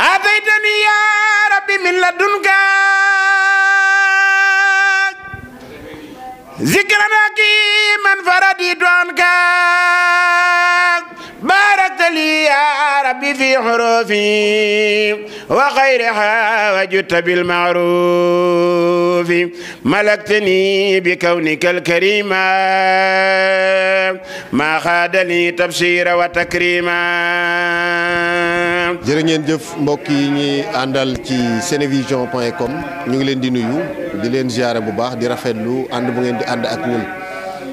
آتيتني يا ربي من لدنك ذكرناك من فردي دونك باركت لي يا ربي في حروفي وخيرها وجدت بالمعروف ملكتني بكونك الكريم ما خادني تبشير وتكريما jërë ngeen jëf mbokk yi ñuy àndal ci senevision point com ñu ngi leen di nuyu di leen ziare bu baax di rafetlu ànd bu ngeen di ànd ak ñun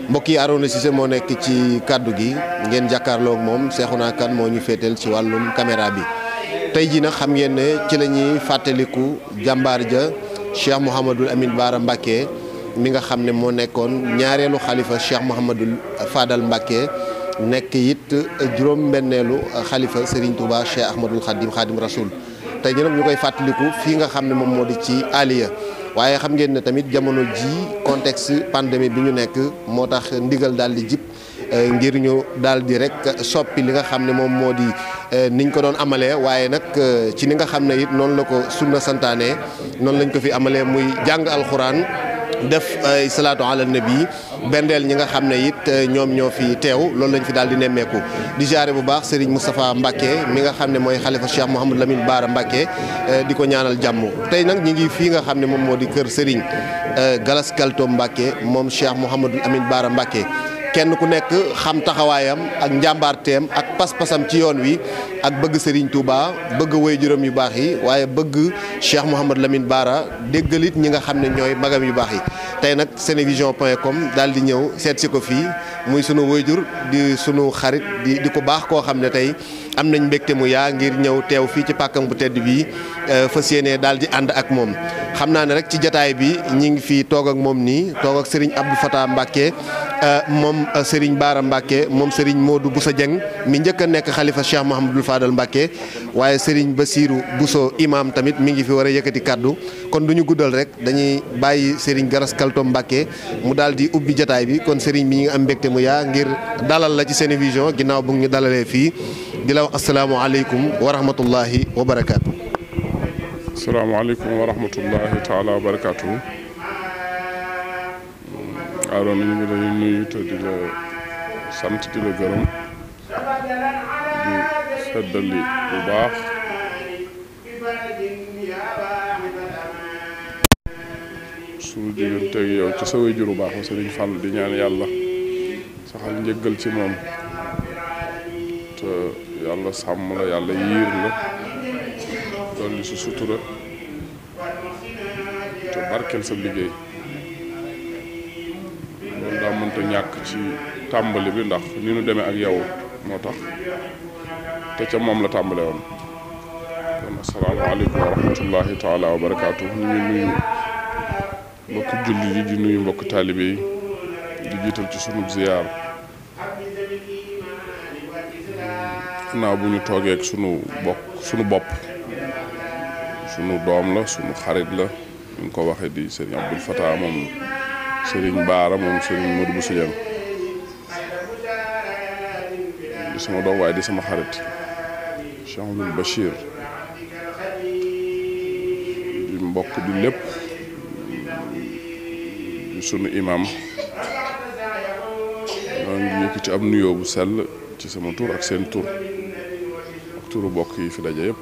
mbokk yi Arona Cissé moo nekk ci kàddu gi ngeen jàkkaarloog moom Seexuna Kan moo ñu féetal ci wàllum caméra bi. tey jii nag xam ngeen ne ci la ñuy fàttaliku jàmbaar ja Cheikh Mouhamadul Amin Baara Mbacke mi nga xam ne moo nekkoon ñaareelu xalifa Cheikh Mouhamadul Fadal Mbacke. nekk it juróom-benneelu xalifa Serigne Touba Cheikh Ahmadul Khadim Khadim Rasoul tey ñu nag ñu koy fàttaliku fii nga xam ne moom moo di ci Aliya waaye xam ngeen ne tamit jamono ji contexte pandémie bi ñu nekk moo tax ndigal daal di jip eh, ngir ñu daal di rek soppi li nga xam ne moom moo di eh, niñ ko doon amalee waaye nag eh, ci ni nga xam ne it noonu la ko sunna santaane noonu lañ ko fi amalee muy jàng alxuraan. def ay salaatu ala nabi bendeel ñi nga xam ne it euh, ñoom ñoo fi teew loolu lañ fi daal di nemmeeku di jaare bu baax Serigne Moustapha Mbacke mi nga xam ne mooy xalifa Cheikh Mouhamadou Lamine Baara Mbacke euh, di ko ñaanal jàmm tey nag ñi ngi fii nga xam ne moom moo di kër Serigne euh, Galas Kalto Mbacke moom Cheikh Mouhamadou Lamine Baara Mbacke kenn ku nekk xam taxawaayam ak njàmbaarteem ak pas-pasam ci yoon wi ak bëgg Serigne Touba bëgg woy juróom yu baax yi waaye bëgg Cheikh Mouhamad Lamine baara déggalit ñi nga xam ne ñooy magam yu baax yi tey nag senevision point com daal di ñëw seet si ko fii muy sunu woyjur di sunu xarit di di ko baax koo xam ne tey am nañ mbégte mu yaa ngir ñëw teew fii ci pàkkam bu tedd bii euh, fa yéenee daal di ànd ak moom xam naa ne rek ci jataay bi ñi ngi fii toog ak moom nii toog ak sëriñ Abdou Fatah Mbacke euh, moom euh, sëriñ Baara Mbacke moom sëriñ Modou Bousso Dieng mi njëkk nekk xalifa Cheikh Mouhamadul Fadal Mbacke waaye sëriñ Basirou Bousso imam tamit mi ngi fi war a yëkkati kàddu kon du ñu guddal rek dañuy bàyyi sëriñ Garas Kaltom Mbacke mu daal di ubbi jataay bi kon sëriñ bi ñu ngi am mbégte mu yaa ngir dalal la ci Sénévision ginnaaw bu ñu dalalee fii di la wax asalaamaaleykum wa rahmatullahi wa barakaatu. asalaamaaleykum wa rahmatullahi ñu ngi lay nuyu te di la sant di la gërëm di feddali bu baax suñu digganteeg yow ci sa waajur di ñaan yàlla saxal njëggal ci moom te yàlla sàmm la yàlla yiir la dolli si sutura te barkeel sa liggéey loolu daa mënta ñàkk ci tàmbali bi ndax ni nu demee ak yow moo tax te ca moom la tàmbale woon kon asalaamaaleykum wa rahmatullahi taala wa barakaatu ñu ngi mbokk julli di nuyu mbokk taalibe yi di jiital ci sunub ziyaar ginnaaw bu ñu toogee ak sunu bopp sunu doom la sunu xarit la ñu ngi ko waxee di sëriñ Abdul Fatah moom sëriñ Baara moom sëriñ Modou Bousso Dieng di sama doom waaye di sama xarit Cheikh Amadou Bachir di mbokk di lépp di sunu imam ñoo ngi yëkkati ab nuyoo bu sell ci sama tur ak seen tur ak turu bokk yi fi daje yëpp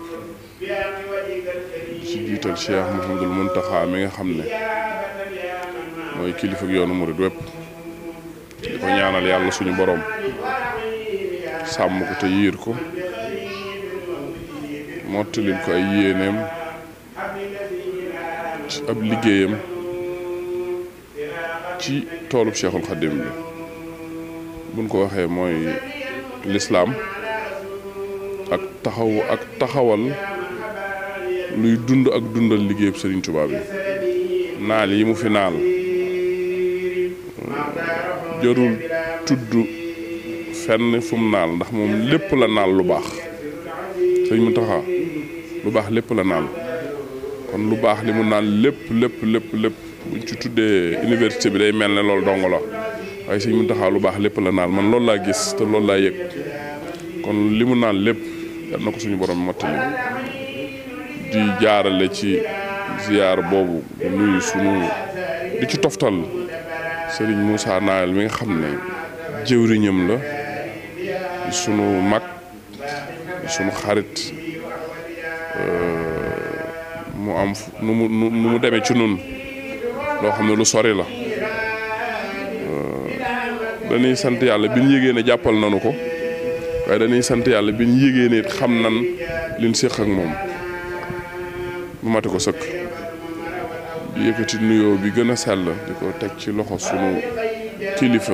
di ci jiital Cheikh Mouhamadul Mountakha mi nga xam ne mooy kilifa ak yoonu murid wépp di ko ñaanal yàlla suñu boroom sàmm ko te yiir ko mottalil ko ay yéeneem ci ab liggéeyam ci toolub Cheikhul Khadim bi buñ ko waxee mooy lislaam ak taxaw ak taxawal luy dund ak dundal liggéeyub Serigne Touba bi naal yi mu fi naal jarul tudd fenn fu naal ndax moom lépp la naal lu baax sëñ mu taxa lu baax lépp la naal kon lu baax li mu naal lépp lépp lépp lépp buñ ci tuddee université bi day mel ne loolu dong la waaye sëñ Muntaxa lu baax lépp la naal man loolu laa gis te loolu laa yëg kon li mu naan lépp yal na ko suñu borom mottali di jaarale ci ziyaar boobu nuyu suñu di ci toftal sëriñ Moussa Naël mi nga xam ne jëwriñam la sunu mag sunu xarit euh, mu am nu mu nu mu demee ci nun loo xam ne lu sori la dañuy sant yàlla bi ñu yégee jàppal nanu ko waaye dañuy sant yàlla bi ñu yégee ne xam nan li ñu séq moom bu mate ko sëkk di yëkkati nuyoo bi gën a sell di ko teg ci loxo sunu kilifa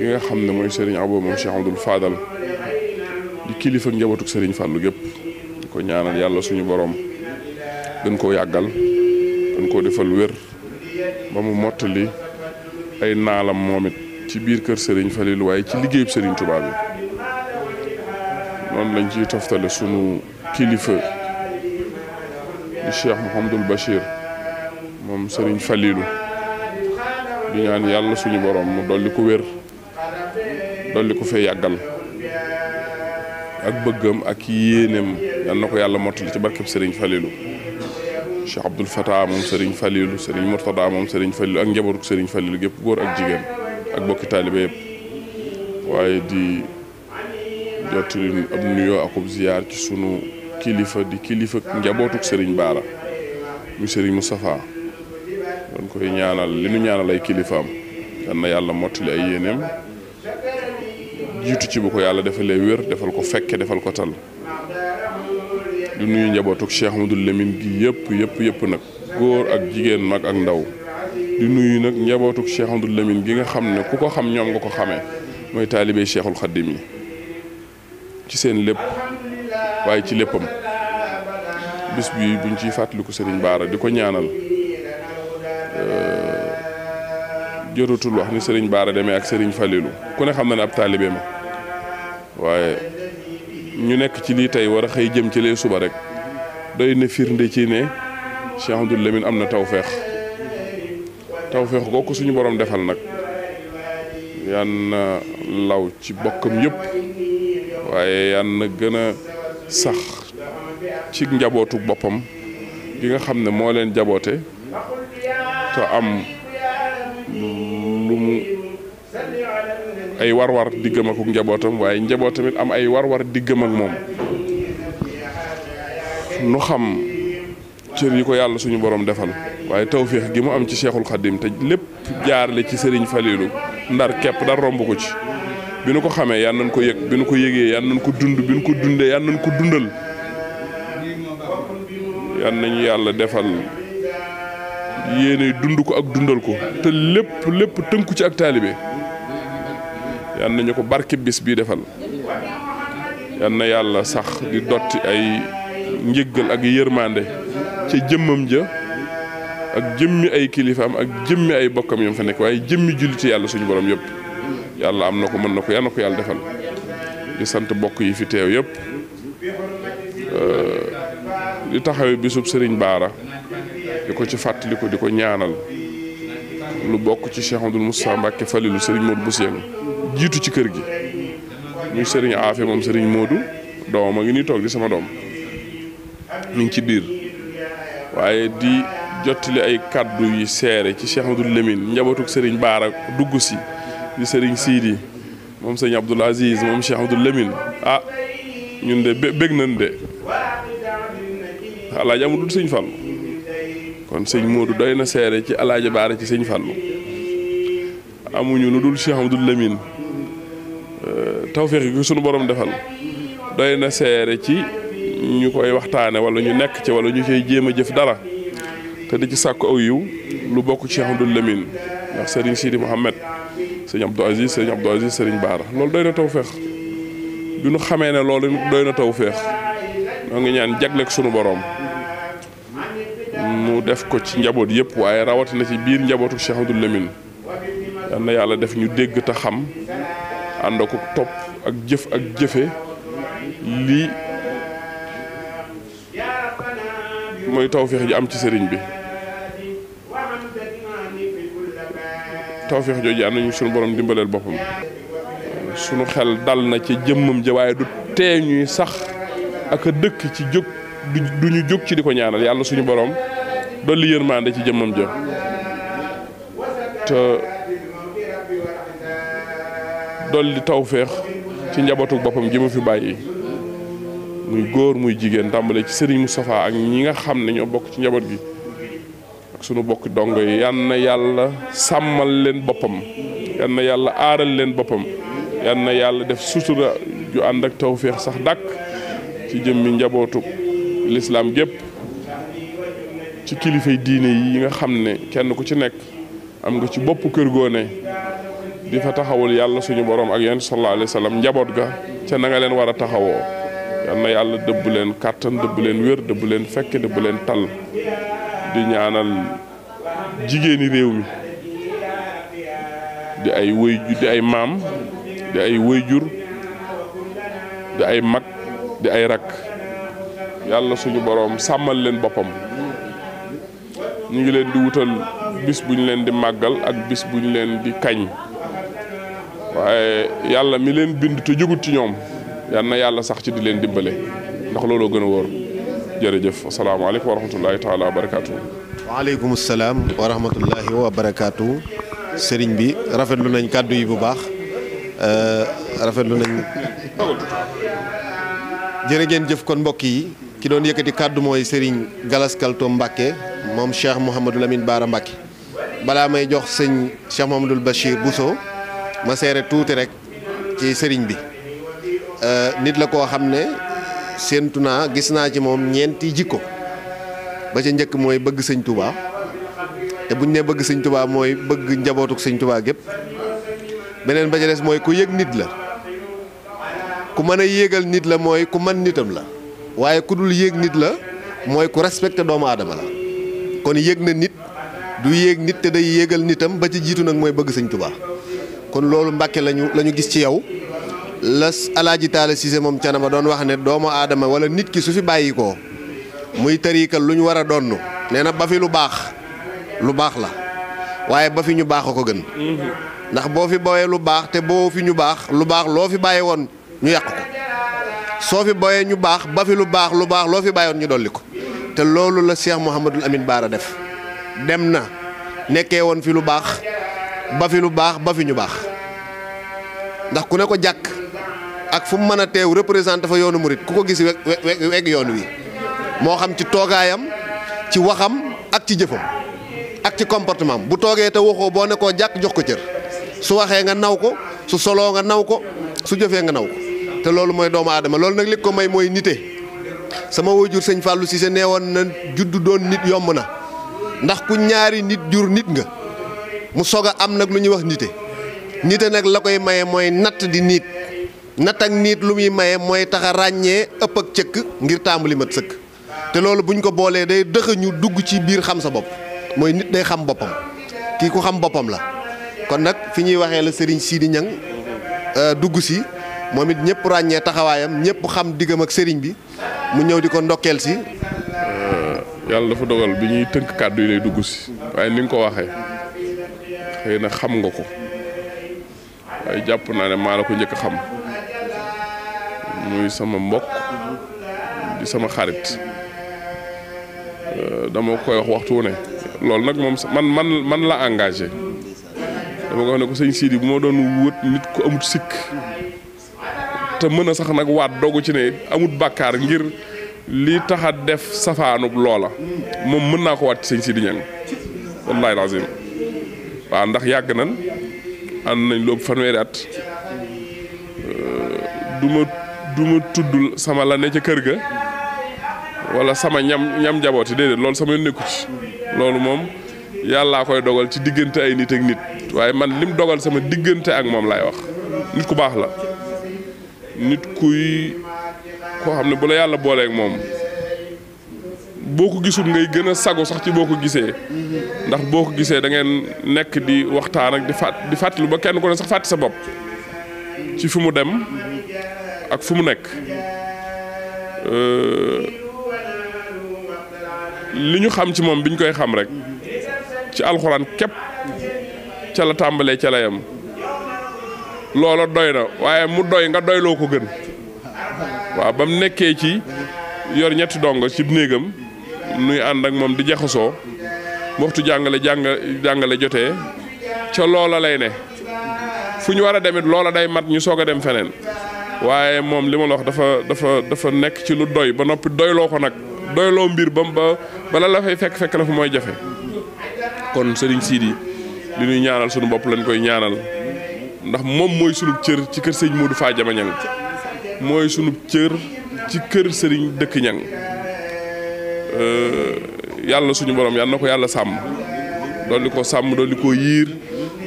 yi nga xam ne mooy Serigne Abo moom Cheikh Abdoul Fadal di kilifa njabootu Serigne Fallou gépp di ko ñaanal yàlla suñu borom gën koo yàggal gën koo defal wér ba mu mottali ay naalam moom ci biir kër sëriñ Falilou waaye ci liggéeyub Serigne Touba bi lañ ciy toftale sunu kilifa di Cheikh Mouhamadul Bachir moom Serigne Falilou di ñaan yàlla suñu borom mu dolli ko wér dolli ko fee yàggal ak bëggam ak yéeneem yal na ko yàlla mottali ci barkeb sëriñ Falilou. Cheikh Abdoul Fatah moom Serigne Falilou Serigne Mourtada moom Serigne Falilou ak njabootu Serigne Falilou gépp góor ak jigéen ak bokki taalibe yëpp waaye di jottali ab nuyoo akub ziyaar ci sunu kilifa di kilifa njabootuk Serigne Baara mu Serigne Moustapha doon koy ñaanal li nu ñaanal ay kilifaam dan na yàlla mottali ay yéeneem jiitu ci bu ko yàlla defalee wér defal ko fekke defal ko tal di nuyu njabootug Cheikh Amadou Lamine gi yëpp yëpp yëpp nag góor ak jigéen mag ak ndaw di nuyu nag njabootug Cheikh Amadou gi nga xam ne ku ko xam ñoom nga ko xamee mooy taalibe Cheikhul Khadim ci seen lépp waaye ci léppam bis bi buñ ciy fàttaliku Serigne baara di ko ñaanal jotatul wax ni Serigne baara demee ak Serigne Falilou ku ne xam na ne ab taalibe ma waaye. ñu nekk ci lii tey war a xëy jëm ci lee suba rek doy na firnde ci ne Cheikh Amadou Lamine am na tawfeex tawfeex kooku suñu borom defal nag yan na law ci bokkam yépp waaye yan na gën a sax ci njabootu boppam gi nga xam ne moo leen njaboote te am lu mu ay warwar war diggam ak njabootam waaye njaboot tamit am ay war-war diggam ak moom nu xam cër yi ko yàlla suñu borom defal waaye tawféex gi mu am ci Cheikhul Khadim te lépp jaarle ci Serigne Falilou ndar képp dara romb ko ci. bi nu ko xamee yan nañ ko yëg bi nu ko yëgee yan nañ ko dund bi nu ko dundee yan nañ ko dundal yan yàlla defal yéene dund ko ak dundal ko te lépp lépp tënku ci ak taalibe yal na ñu ko barke bis bii defal yal na yàlla sax di dotti ay njëggal ak yërmande ci jëmmam ja ak jëmmi ay kilifaam ak jëmmi ay bokkam yam fa nekk waaye jëmmi julliti yàlla suñu borom yëpp yàlla am na ko mën na ko yal na ko yàlla defal di sant bokk yi fi teew yëpp di taxawe bisub sëriñ baara di ko ci fàttaliku di ko ñaanal lu bokk ci Cheikh Amadou Moustapha Mbacke Falilou Serigne Modou bu seen jiitu ci kër gi muy Serigne Afé moom Serigne Modou doomam a ngi nii toog di sama doom mi ngi ci biir waaye di jottali ay kàddu yi seere ci Cheikh Amadou Lemine njabootug Serigne Baara dugg si sëriñ Serigne Sidi moom Serigne Abdoul Aziz moom Cheikh Amadou lemin ah ñun de bég nañ de alaaji amul dul Serigne Fallou kon sëñ Modou doy na seere ci alaaji baara ci sëñ Fallou amuñu lu dul Cheikh Amadou Lamine euh, tawféex gi sunu borom defal doy na seere ci ñu koy waxtaane wala ñu nekk ci wala ñu koy jéem a jëf dara te di ci sàkk aw yiw lu bokk Cheikh du Lamine ndax Serigne Sidi Mohamed sëñ Abdou Aziz sëñ Abdou Aziz Serigne Baara loolu doy na tawféex bi nu xamee ne loolu doy na tawféex ñoo ngi ñaan jagleeg sunu borom. def ko ci njaboot yëpp waaye rawatina ci biir njabootu Cheikh Abdoul Lamine yal na yàlla def ñu dégg te xam ànd topp ak jëf ak jëfe lii mooy tawféex ji am ci sëriñ bi tawféex jooju am nañu sunu borom dimbaleel boppam sunu xel dal na ci jëmmam ja waaye du tee ñuy sax ak a dëkk ci jóg du ñu jóg ci di ko ñaanal yàlla suñu boroom li yermande ci jëmmam ja te dolli tawfex ci njabootu bopam jëm fi bayyi muy goor muy jigen tambale ci Serigne Moustapha ak ñi nga xamne ne ñoo bokk ci njabot gi ak suñu bok dongo yi yan na yàlla sàmmal leen yalla yan na aaral len yan na def sutura ju ànd ak tawféex sax dak ci mi njabotu l'islam gep ci kilifay diine yi nga xam ne kenn ku ci nekk am nga ci bopp kër goone ne di fa taxawul yàlla suñu borom ak yonent sallallahu alayhi njaboot ga ca nanga leen war a taxawoo yal yàlla dëbb leen kàttan dëbb leen wér dëbb leen fekke dëbb leen tal di ñaanal jigéeni réew mi di ay wëy di ay maam di ay wëyjur di ay mag di ay rakk yàlla suñu borom sàmmal leen boppam ñu ngi leen di wutal bis bu ñu leen di màggal ak bis bu ñu leen di kañ waaye yàlla mi leen bind te jógut ci ñoom yal na yàlla sax ci di leen dimbale ndax looloo gën a wóor jërëjëf asalaamaaleykum wa rahmatullahi taala wa barakaatu. waaleykum salaam wa rahmatullahi wa barakaatu. sëriñ bi rafet rafetlu nañ kàddu yi bu baax rafet euh, rafetlu nañ jërë ngeen jëf kon mbokk yi. ki doon yëkkati kàddu mooy Serigne Galas Kaltoom moom Cheikh Mouhamadul Amine Baara Mbacke balaa may jox sëñ Cheikh Mouhamadul Bachir Bousso ma seere tuuti rek ci sëriñ bi euh, nit la koo xam ne séentu naa gis naa ci moom ñeenti jikko ba ca njëkk mooy bëgg sëñ Touba te buñ ne bëgg sëñ Touba mooy bëgg njabootuk sëñ Touba gépp beneen ba ca des mooy ku yëg nit la ku mën a yéegal nit la mooy ku mën nitam la. waaye ku dul yéeg nit la mooy ku respecté doomu aadama la kon yéeg na nit du yéeg nit te day yéegal nitam ba ci jiitu nag mooy bëgg sëñ Tuubaa kon loolu Mbàkke lañu la ñu gis ci yow la Alaaji Taala Cissé moom canama doon wax ne doomu aadama wala nit ki su fi bàyyi ko muy tariikal lu ñu war a donn nee na ba fi lu baax lu baax la waaye ba fi ñu baax a ko gën mm-hmm. ndax boo fi bawee lu baax te boo fi ñu baax lu baax loo fi bàyyi woon ñu yàq sofi fi boyee ñu baax ba fi lu baax lu baax loo fi bàyyoon ñu dolli ko te loolu la Cheikh Mouhamadul Amine Baara def dem na nekkee fi lu lu ñu ndax ku ne ko jak ak fu mu mën a teew représenté fa yoonu murit wek ko gis weg weg yoon wi moo xam ci toogaayam ci waxam ak ci jëfam ak ci comportement bu toogee te waxoo ne jox ko cër su waxee nga naw ko su soloo nga naw ko su jëfee nga naw ko te loolu moy doomu adama loolu nak li may moy nite sama waajur sëñ Fallou Cissé nee na juddu doon nit yomb na ndax ku ñaari nit jur nit nga mu soga am nak luñu wax nite nite nak la koy maye moy nat di nit nat ak nit lu muy maye moy taxa ragné ëpp ak cëkk ngir tàmbali mat sëkk te loolu buñ ko bolé day ñu dugg ci biir xam sa bop moy nit day xam bopam ki ku xam bopam la kon nak fiñuy waxé la Sidi euh dugg si momit ñepp ragne taxawayam ñepp xam digam ak serigne bi mu ñew di ndokel ci euh, yalla dafa dogal bi ñuy teunk kaddu lay dugg si waye ni nga ko waxe xeyna na xam nga ko ay japp na ne mala ko ñëk xam muy sama mbokk di sama xarit euh, dama koy wax waxtu ne lol nak mom man man man la engager dama ko ne ko sëñ Sidi bu mo doon wut nit ku amut sik te mën a sax nag waat dogu ci ne amut bakkaar ngir li tax a def safaanub loola moom mën naa ko waat ci sëñ Sidi Ñang wallaahi lazim waaw ndax yàgg nan ànd nañ lu ëpp du ma du ma tuddul sama la ne kër ga wala sama ñam ñam njaboot yi déedéet loolu sama nekku loolu moom yàllaa koy dogal ci diggante ay nit ak waaye man lim dogal sama diggante ak moom laay wax nit ku baax la nit kuy koo xam ne bu la yàlla booleeg moom boo ko gisul ngay gën a sago sax ci boo ko gisee ndax boo ko gisee da ngeen nekk di waxtaan ak di fàtt di fàttali ba kenn ku ne sax fàtti sa bopp ci fu mu dem ak fu mu nekk euh, li ñu xam ci moom bi ñu koy xam rek ci alxuraan képp ca la tàmbalee ca la yam loola doy na waaye mu doy nga doyloo ko gën waaw ba mu nekkee ci yor ñetti dongo ci néegam nuy ànd ak moom di jaxasoo waxtu jàngale jàngale jotee ca loola lay ne fu ñu war a demit loola day mat ñu soog a dem feneen waaye moom li ma la wax dafa dafa dafa nekk ci lu doy ba noppi doyloo ko nag doyloo mbir bam ba bala la fay fekk fekk la fa mooy jafe kon sëriñ Sidi li ñuy ñaanal sunu bopp lañ koy ñaanal ndax mom moy sunu cër ci kër sëñ Modou Faa ma Ñang moy sunu cër ci kër sëriñ dekk ñang yalla suñu borom yalla nako ko sam doli ko sam doli ko yir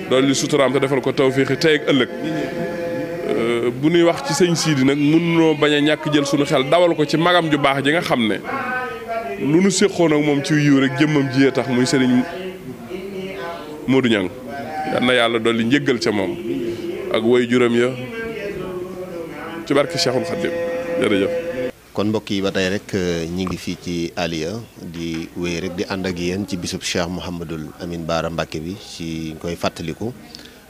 doli suturam te defal ko tawfiq tey ak euh bu nuy wax ci sëñ sidi nak mënno baña ñak jël suñu xel dawal ko ci magam ju bax ji nga xamne lu nu séqoon ak ci yu rek jëmmam ji tax muy sëriñ Modou Ñang yalla yalla doli ñeegal ci mom ak woy juróom ya ci barke Cheikhul Khadim jërëjëf kon mbokk yi ba tey rek euh, ñi ngi fii ci Aliya di wéy rek di ànd ak yéen ci bisub Cheikh Mouhamadul Amin Baara Mbacke bi ci koy fàttaliku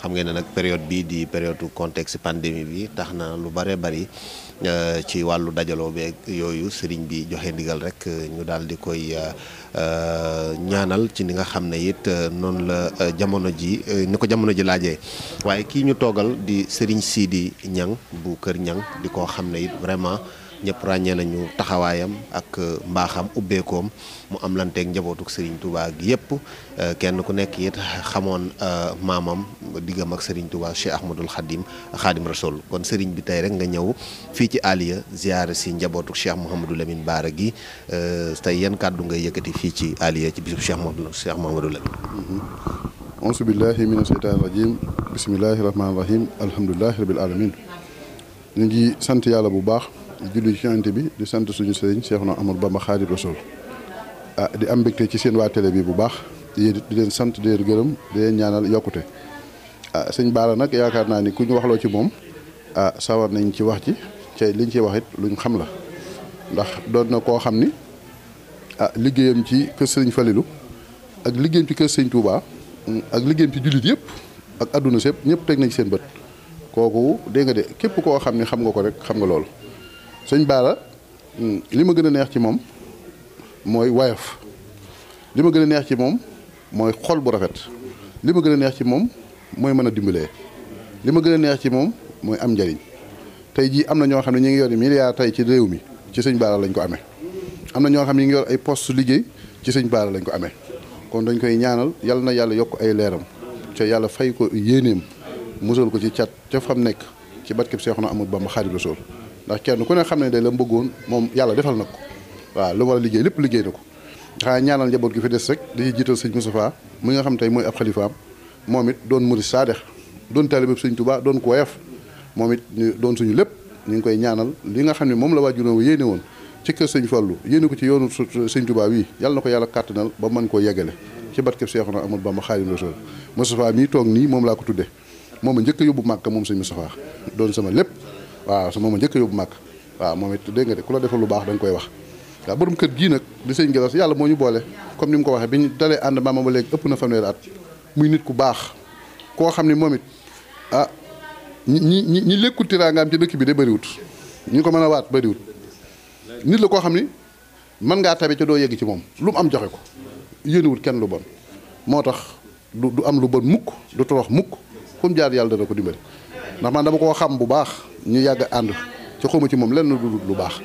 xam ngeen ne nag période bii di période contexte pandémie bi tax na lu bare bari euh, ci wàllu dajaloo beeg yooyu sëriñ bi joxe ndigal rek euh, ñu daal di koy euh, ñaanal ci ni nga xam ne it noonu la jamono ji ni ko jamono ji laajee waaye kii ñu toogal di sëriñ Sidi Niang bu kër Niang di ko xam ne it vraiment. ñep rañé nañu taxawayam ak mbaaxam ubekom mu am teng njabotuk Serigne Touba ak yépp euh, kenn ku nekk yit xamone euh, mamam digam ak Serigne Touba Cheikh Ahmadul Khadim Khadim Rasoul kon Serigne bi tay rek nga ñew fi ci Aliya ziaré ci njabotuk Cheikh mohamedou Lamine Baara gi euh, tay yeen kaddu nga yëkëti fi ci Aliya ci bisu Cheikh mohamedou Cheikh mohamedou Lamine. أعوذ بالله من الشيطان الرجيم بسم الله الرحمن الرحيم الحمد لله رب العالمين نجي ngi يالا بو باخ julli ci bi di sant suñu sëriñ Seexuna Amadu Bamba Xaadimu Rasuul ah di am mbégte ci seen waa télé bu baax di leen sant di gërëm ñaanal yokkute ah sëñ Baara nag yaakaar naa ni ku ñu waxloo ci moom ah, sawar nañ ci wax ci te liñ ci wax luñ xam la ndax doon na koo xam ni ah liggéeyam ci kër sëriñ Falilou ak liggéeyam ci kër sëriñ mm, ak liggéeyam ci jullit yëpp ak adduna sépp ñëpp teg nañ seen bët kooku dégg nga de képp koo xam ne xam nga ko rek xam nga loolu. sëñ baala hmm, li ma gën a neex ci moom mooy woyof li ma gën a neex ci moom mooy xol bu rafet li ma gën a neex ci moom mooy mën a dimbalee li ma gën a neex ci moom mooy am njariñ tey jii am na ñoo xam ne ñu ngi yor milliards tey ci réew mi ci sëñ baala lañ ko amee am na ñoo xam ne ñu ngi yor ay poste liggéey ci sëñ baala lañ ko amee kon dañ koy ñaanal yal na yàlla yokk ay leeram ca yàlla fay ko yéeneem musal ko ci cat ca fam nekk ci barkeb Seexuna Amadu Bamba Xaadimu Rasuul ndax kenn ko ne xam ne day la bëggoon moom yàlla defal na ko waaw lu war a liggéey lépp liggéey na ko xanaa ñaanal njaboot gi fi des rek dañuy jiital sëñ Moustapha mi nga xam tey mooy ab xalifaam moom it doon murid saadex doon taalibe sëñ Tuubaa doon ko woyof moom it ñu doon suñu lépp ñu ngi koy ñaanal li nga xam ne moom la waajuróom yéene woon ci kër sëñ Fallu yéene ko ci yoonu sëñ Tuubaa wi yàlla ko yàlla kàttanal ba mën koo yeggale ci barkeb Seexuna Ahmadu Bamba Xaadimu Rasuul Moustapha mii toog nii moom laa ko tudde moom a njëkk a yóbbu Màkka moom sëñ Moustapha doon sama lépp waaw su moom a njëkk yóbbu màkk waaw moom it dégg nga de ku la defal lu baax da koy wax waaw borom kër gii nag di sëñ Gallas yàlla moo ñu boole comme ni mu waxee bi ñu dalee ànd maama ba léegi ëpp muy nit ku baax koo xam ne moom it ah ñi ñi ñi lékkul tiraangaam ci dëkk bi de bëriwut ñu ko mën a waat bëriwut nit la koo xam ni mën ngaa tabe ca doo yegg ci moom lu mu am joxe ko yéenewul kenn lu bon moo tax du am lu bon mukk du torox mukk fu jaar yàlla dana ko dimbali ndax man dama koo xam bu baax ñu yàgg ànd ci xuma ci moom lenn lu lu baax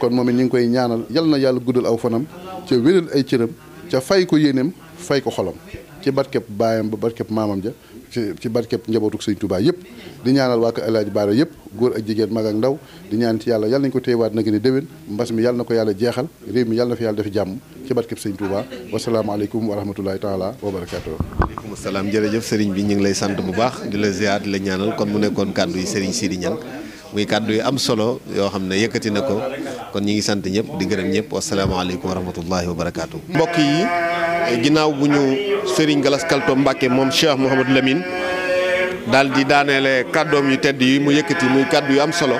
kon moom it ñu ngi koy ñaanal yal na yàlla guddal aw fanam ca wéral ay cëram ca fay ko yéeneem fay ko xolom ci barkeb baayam ba barkeb maamam ja ci ci barkeb njabootuk sëñ Tuubaa yëpp di ñaanal waa kër El Hadj Baara yëpp góor ak jigéen mag ak ndaw di ñaan ci yàlla yal nañu ko téyewaat na gën a déwén mbas mi yal na ko yàlla jeexal réew mi yal na fi yàlla daf jàmm ci barkeb sëñ Tuubaa wasalaamaaleykum wa rahmatullahi taala wa barakaatu waaleykum salaam jërëjëf sëriñ bi ñu ngi lay sant bu baax di la ziar di la ñaanal kon mu nekkoon kàddu yi sëriñ Sidi Niang muy kàddu yi am solo yoo xam ne yëkkati na ko kon ñu ngi sant ñëpp di gërëm ñëpp wasalaamaaleykum wa rahmatullahi wa barakaatu. mbokk yi ginnaaw bu ñu sëriñ Galas Kaltoom Mbàkke moom Cheikh Mouhamadou Lamine daal di daaneele kàddoom yu tedd yi mu yëkkati muy kàddu yu am solo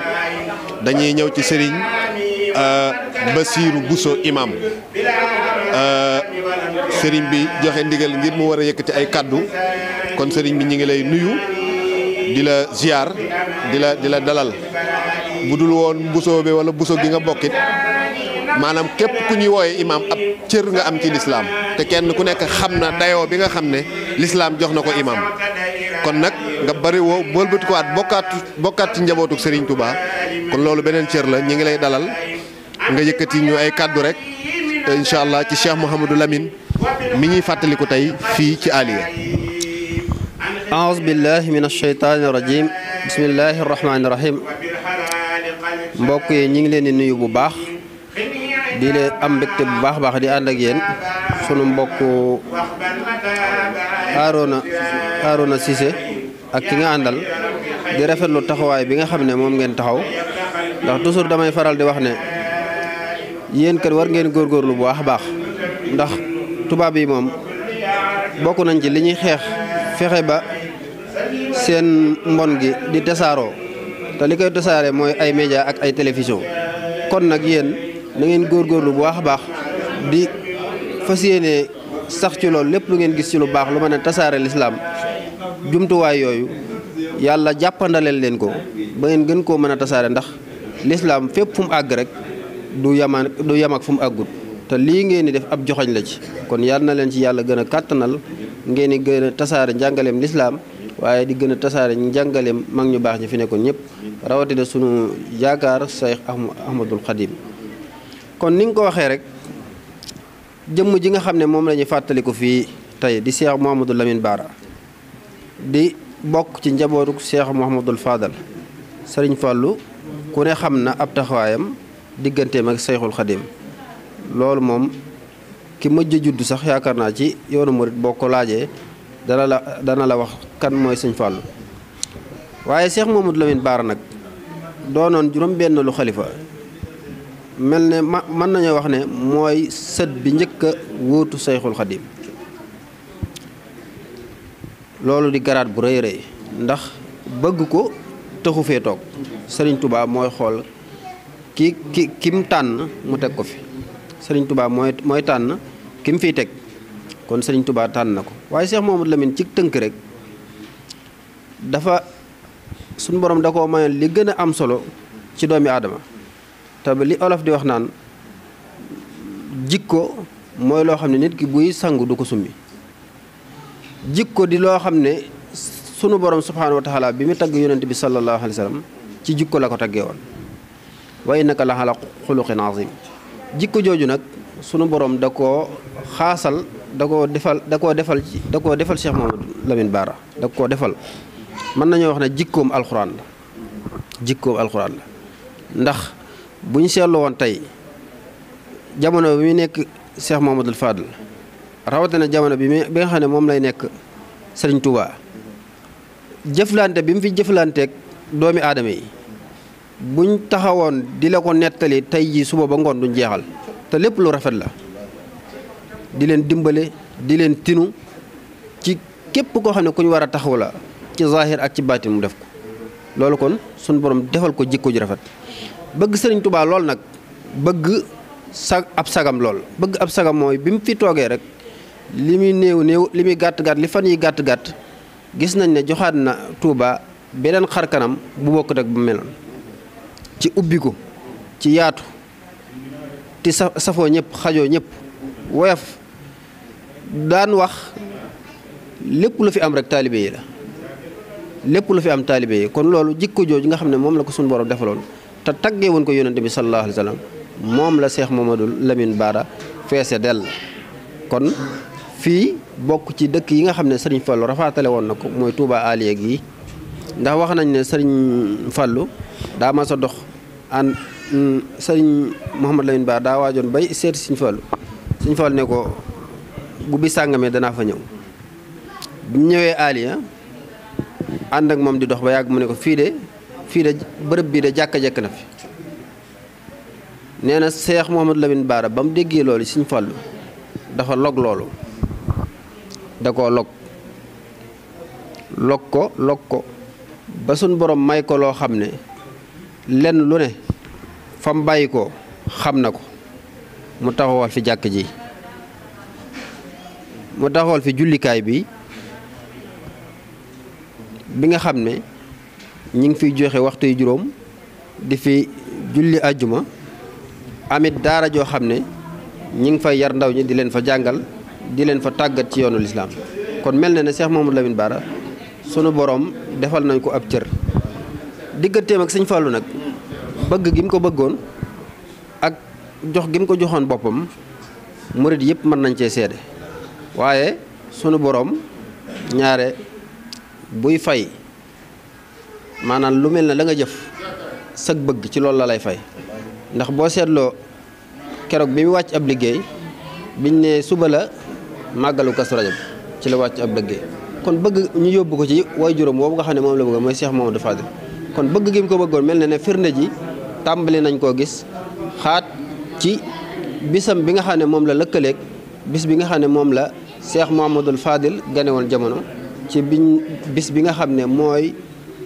dañuy ñëw ci sëriñ euh, Basiiru Buso Imaam. Euh, sëriñ bi joxe ndigal ngir mu wara yëkëti ay kon sëriñ bi ñi ngi lay nuyu dila ziar dila dila dalal bu dul buso busoo wala buso gi nga bokkit manam kep ku ñi wooye imam ab cër nga am ci l'islam te kenn ku nekk xamna dayo bi nga xamne l'islam jox ko kon nak nga bari wo bolbut ko at bokkat bokkat ci njabotuk serigne Touba kon lolu benen cër la ñi ngi lay dalal nga yëkëti ñu ay kàddu rek inshallah ci Cheikh mohammed Lamine mi ñuy fàttaliku tey fii ci Aliya aouzu billahi min asheytaani rajim bismillahi rahmaani rahim mbokk yi ñu ngi leen di nuyu bu baax di leen am mbégte bu baax baax di ànd ak yenn sunu mbokk Arona Arona Cissé ak ki nga àndal di rafetlu taxawaay bi nga xam ne moom ngeen taxaw ndax toujours damay faral di wax ne yéen kër war ngeen góor góorgóorlu bu baax baax ndax tubaab yi moom bokk nañ ci li ñuy xeex fexe ba seen mbon gi di tasaaroo te li koy tasaare mooy ay média ak ay télévision kon nag yéen na ngeen góorgóorlu bu baax a baax di fas yéenee sax ci loolu lépp lu ngeen gis ci lu baax lu mën ne tasaare lislaam jumtuwaay yooyu yàlla jàppandaleel leen ko ba ngeen gën koo mën a tasaare ndax lislaam fépp fu mu àgg rek du yama du yam ak fu mu àggut te lii ngeen di def ab joxoñ la ci kon yal na leen ci yàlla gën a kàttanal ngeen di gën a tasaare njàngaleem lislaam waaye di gën a tasaare njàngaleem mag ñu baax ñi fi nekkoon ñëpp rawatina sunu yaakaar Cheikh Ahmadul Xadim kon ni nga ko waxee rek jëmm ji nga xam ne moom lañuy ñu fàttaliku fii tey di Cheikh Mouhamadou lamin baara di bokk ci njabootu Cheikh Mouhamadul Fadal Serigne Fallou ku ne xam na ab taxawaayam digganteem ak Cheikhul Xadim loolu moom ki mëjj juddu sax yaakaar naa ci yoonu murit boo ko laajee dana la wax kan mooy sëñ Fallou waaye Cheikh Mamadou Lamine Bara nag doonoon juróom benn lu xalifa mel ne ma mën nañoo wax ne mooy sët bi njëkk a wóotu Seyxul Xadim loolu di garaat bu rëy rëy ndax bëgg ko taxu fee toog Sëriñ Tuubaa mooy xool ki ki kim tànn mu teg ko fi serigne touba moy moy tan kim fi tek kon serigne touba tan nako ko Cheikh Mouhamadou Lamine ci teunk rek dafa sun borom dako koo li gën am solo ci doomi aadama te li olof di wax nan jikko moy lo xamne nit ki buy sangu du ko summi jikko di lo xamne sunu borom subhanahu wa taala bi mu tagg yonent bi sallallahu alaihi wasallam ci jikko la ko taggee woon wa innaka la azim jikko jooju nag sunu borom da koo xaasal da koo defal da koo defal ci da koo defal Cheikh Mamadou Lamine Bara da koo defal mën nañoo wax ne jikkoom alxuraan la jikkoom alxuraan la ndax bu ñu seetloo woon tey jamono bi muy nekk Cheikh Mamadou Fadl rawatina jamono bi bi nga xam ne moom lay nekk Serigne Touba jëflante bi mu fi jëflanteeg doomi aadama yi. buñ taxawoon di la ko nettali tey jii suba ba ngoon duñ jeexal te lépp lu rafet la di leen dimbale di leen tinu ci képp koo xam ne ku ñu war a taxaw la ci zahir ak ci baatin mu def ko loolu kon suñu borom defal ko jikko ju rafet bëgg sëriñ Tuubaa lool nag bëgg sag ab sagam lool bëgg ab sagam mooy bi mu fi toogee rek li muy néew néew li muy gàtt gàtt li fan yi gàtt gàtt gis nañ ne joxaat na Tuubaa beneen xar kanam bu bokk ak bu meloon ci ubbiku ci yaatu ti sa safoo ñëpp xajoo ñëpp woyof daan wax lépp lu fi am rek taalibe yi la lépp lu fi am taalibe yi kon loolu jikko jooju nga xam ne moom la ko suñu borom defaloon te taggee woon ko yonente bi sallallahu alayhi wa moom la seex Mamadou lamin Bara feese dell kon fii bokk ci dëkk yi nga xam ne Serigne Fallou rafaatale woon na ko mooy Touba Aliya gi ndax wax nañ ne sëriñ fallu daa masa dox ànd mm, sëriñ Mouhamad Lamine Ba daa waajoon bay seet sëriñ Fallou sëriñ Fallou ne ko bu bi sàngamee danaa fa ñëw bu ñëwee Aliya ah, ànd ak moom di dox ba yàgg mu ne ko fii de fii de bërëb bii de jàkka jekk na fi nee na Cheikh Mouhamad Lamine Baara ba mu déggee loolu sëriñ Fallou dafa log loolu da koo log log ko log ko ba suñ borom may ko loo xam ne lenn lu ne fam bàyyi ko xam na ko mu taxawal fi jàkk ji mu taxawal fi jullikaay bi bi nga xam ne ñi ngi fiy joxe waxtu yu juróom di fi julli àjjuma amit daara joo xam ne ñi ngi fay yar ndaw ñi di leen fa jàngal di leen fa tàggat ci yoonu lislaam kon mel na ne Cheikh Mamadou Lamine Bara sunu borom defal nañ ko ab cër digganteem ak sëñ Fallou nag bëgg gi mu ko bëggoon ak jox gi mu ko joxoon boppam murid yëpp mën nañ cee seede waaye sunu boroom ñaare buy fay maanaan lu mel ne la nga jëf sag bëgg ci loolu la lay fay ndax boo seetloo keroog bi mu wàcc ab liggéey biñ ne suba la màggalu Kazu Rajab ci la wàcc ab liggéey kon bëgg ñu yóbbu ko ci way juróom boobu nga xam ne moom la bëgg mooy Cheikh Mamadou Fadil kon bëgg gi mu ko bëggoon mel na ne firnde ji tàmbali nañ koo gis xaat ci bisam bi nga xam ne moom la lëkkaleek bis bi nga xam ne moom la Cheikh Mamadou Fadil gane woon jamono ci biñ bis bi nga xam ne mooy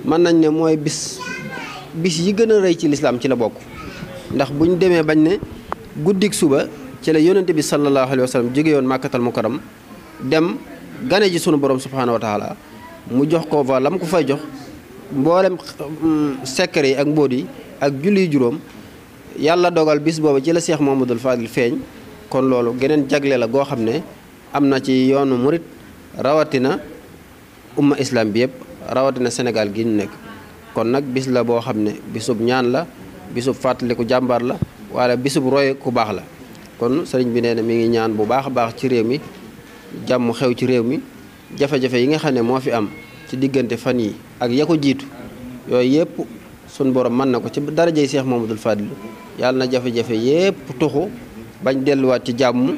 mën nañ ne mooy bis bis yi gën a rëy ci lislaam ci la bokk ndax buñ demee bañ ne guddik suba ci la yónnante bi sallallahu alayhi wa sallam jóge woon màkkatal mukaram dem gane ji sunu borom subhaanahu wa taala mu jox ko fa lam ko fay jox mboolem mm, secret yi ak mbóot yi ak julli juróom yàlla dogal bis boobu ci la seex Mamadul Fadil feeñ kon loolu geneen jagle la goo xam ne am na ci yoonu murit rawatina umma islam bi yëpp rawatina Sénégal gi ñu nekk kon nag bis la boo xam ne bisub ñaan la bisub fàttaliku jàmbaar la wala bisub roy ku baax la kon sëriñ bi nee na mi ngi ñaan bu baax a baax ci réew mi jamu xew ci rew mi jafe jafé yi nga xamné mo fi am ci digënté fan yi ak ya jitu yoy yépp sun borom man nako ci darajey cheikh mamadou Fadil yalla na jafe jafé yépp tuxu bañ wat ci jam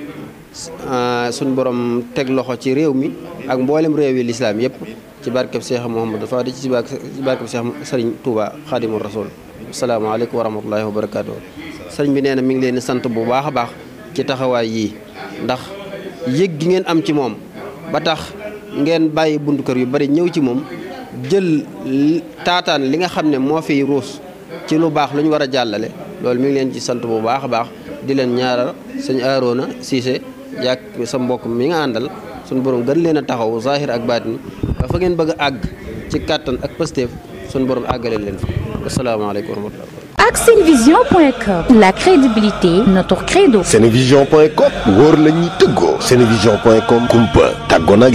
ah, sun borom teg loxo ci rew mi ak mboolem rew yi l'islam yépp ci barkeb cheikh mamadou Fadil ci cheikh serigne touba khadimul Xaadimu assalamu alaykum wa rahmatullahi wa barakatuh serigne bi néna mi ngi leen bu baaxa baax ci taxaway yi ndax yëg gi ngeen am ci moom ba tax ngeen bàyyi buntu kër yu bari ñëw ci moom jël taataan li nga xam ne moo fiy ruus ci lu baax lu war a jàllale loolu mi ngi leen ci sant bu baax a baax di leen ñaaral sëñ Aroona Cissé yàgg sa mbokk mi nga àndal suñu borom gën leen a taxaw zahir ak baatin ba fa ngeen bëgg àgg ci kàttan ak pësteef suñu borom àggale leen fa asalaamaaleykum wa rahmatullah Axelvision.com la crédibilité notre credo Senevision.com world la Togo. tëggoo kumpa tàggoon